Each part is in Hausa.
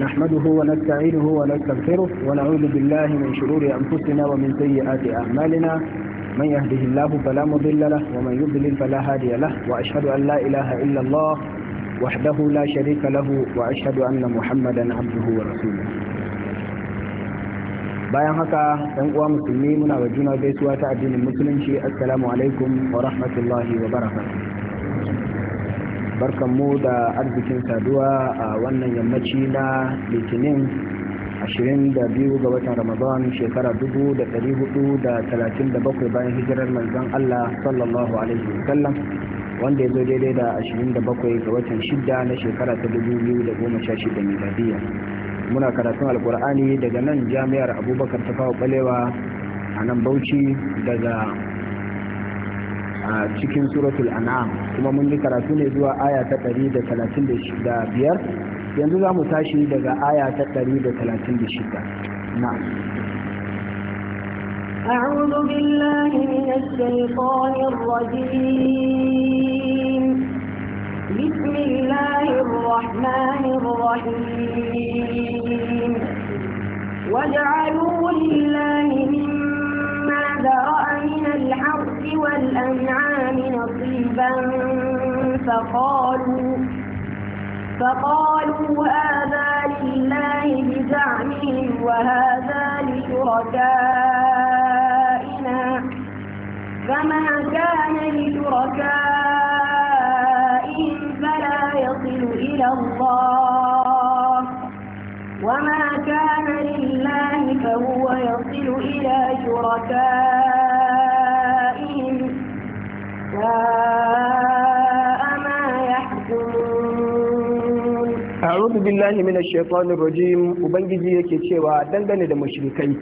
نحمده ونستعينه ونستغفره ونعوذ بالله من شرور أنفسنا ومن سيئات أعمالنا من يهده الله فلا مضل له ومن يضلل فلا هادي له وأشهد أن لا إله إلا الله وحده لا شريك له وأشهد أن محمدا عبده ورسوله bayan haka ɗan uwa musulmi muna wa juna gaisuwa ta addinin musulunci assalamu alaikum wa rahmatullahi wa barakatuh barkan mu da arzikin saduwa a wannan yammaci na litinin 22 ga watan ramadan shekara 1437 bayan hijirar manzon allah sallallahu alaihi wasallam wanda ya zo daidai da 27 ga watan 6 na shekara ta 2016 miladiyya muna karatun alkur'ani daga nan jami'ar abubakar ta kawo balewa a nan bauchi daga a cikin suratul an'am kuma mun yi karatu ne zuwa aya ta 135 yanzu za mu tashi daga aya ta 136 نعم أعوذ بالله من الشيطان الرجيم بسم الله الرحمن الرحيم واجعلوا لله مما ذرأ والأنعام نصيبا فقالوا فقالوا هذا لله بزعمهم وهذا لشركائنا فما كان لشركائهم فلا يصل إلى الله وما كان لله فهو يصل إلى شركائهم a'udhu billahi minash shaitanir rajim ubangiji yake cewa dangane da mushrikai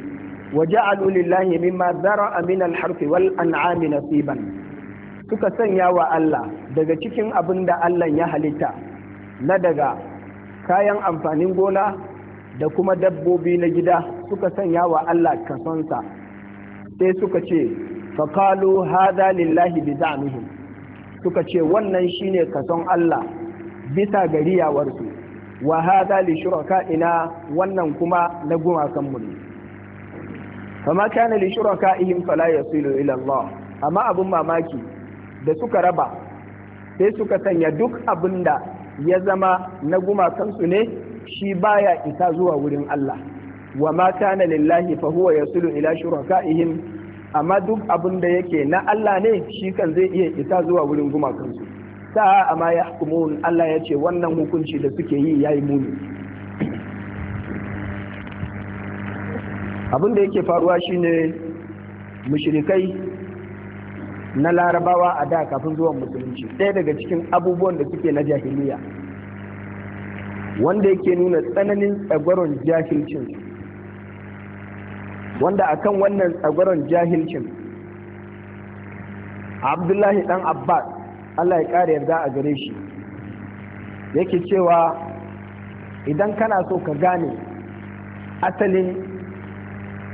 waja'alu lillahi mimma zara'a min al-harfi wal an'ami nasiban suka sanya wa Allah daga cikin abin da Allah ya halitta na daga kayan amfanin gona da kuma dabbobi na gida suka sanya wa Allah kasonsa sai suka ce faƙalu haza lillahi bi za'mihim suka ce wannan shine kason Allah bisa gariyawarsu. wa hada li shuraka'ina wannan kuma na gumakan mu ne ma kana li shuraka'ihim fala yasilu ila Allah amma abun mamaki da suka raba sai suka sanya duk abinda ya zama na gumakan su ne shi baya isa zuwa wurin Allah wa ma kana lillahi fa huwa yasilu ila shuraka'ihim amma duk abinda yake na Allah ne shi kan zai iya isa zuwa wurin gumakansu sa'a ma ya Allah ya ce wannan hukunci da suke yi ya yi muni abin da yake faruwa shine mushrikai na larabawa a da kafin zuwa musulunci ɗaya daga cikin abubuwan da suke na jahiliya wanda yake nuna tsananin tsagwaron jahilcin wanda akan wannan tsagwaron jahilcin abdullahi dan abbas Allah ya ƙara yarda a gare shi yake cewa idan kana so ka gane asalin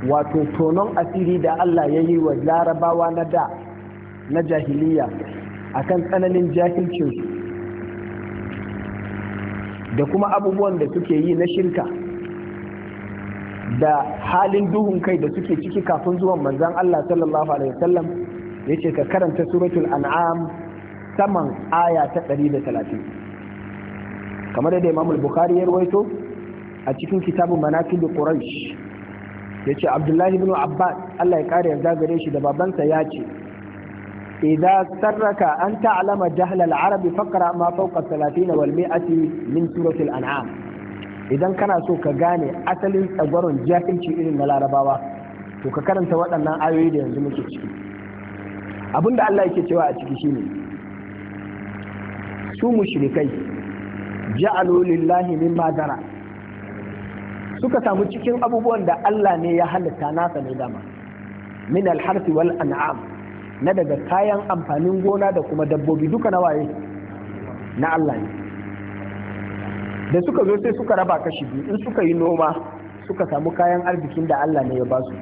wato tonon asiri da Allah ya yi wa larabawa na da na jahiliya akan tsananin jahilcinsu da kuma abubuwan da suke yi na shirka da halin duhun kai da suke ciki kafin zuwan manzan Allah sallallahu alaihi wasallam ya ce ka karanta suratul an'am saman aya ta da 130 kamar yadda imamul bukhari ya rawaito a cikin kitabun manaqib Ya yace abdullahi bin abbas Allah ya kare yarda gare shi da babansa ya ce idza sarraka an ta'lama jahla al-arab faqra ma fawqa 30 wal 100 min surati anam idan kana so ka gane asalin tsagwaron jahilci irin na larabawa to ka karanta waɗannan ayoyi da yanzu muke ciki abinda Allah yake cewa a ciki shi ne. su mushrikai ja'alu lillahi mimma dara suka samu cikin abubuwan da Allah ne ya halitta nasa ne dama min alharfi wal an'am na daga kayan amfanin gona da kuma dabbobi duka na waye na Allah ne da suka zo sai suka raba kashi biyu in suka yi noma suka samu kayan arzikin da Allah ne ya ba su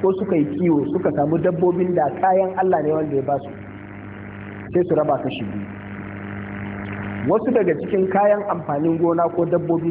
ko suka yi kiwo suka samu dabbobin da kayan Allah ne wanda ya ba su sai su raba kashi biyu wasu daga cikin kayan amfanin gona ko dabbobi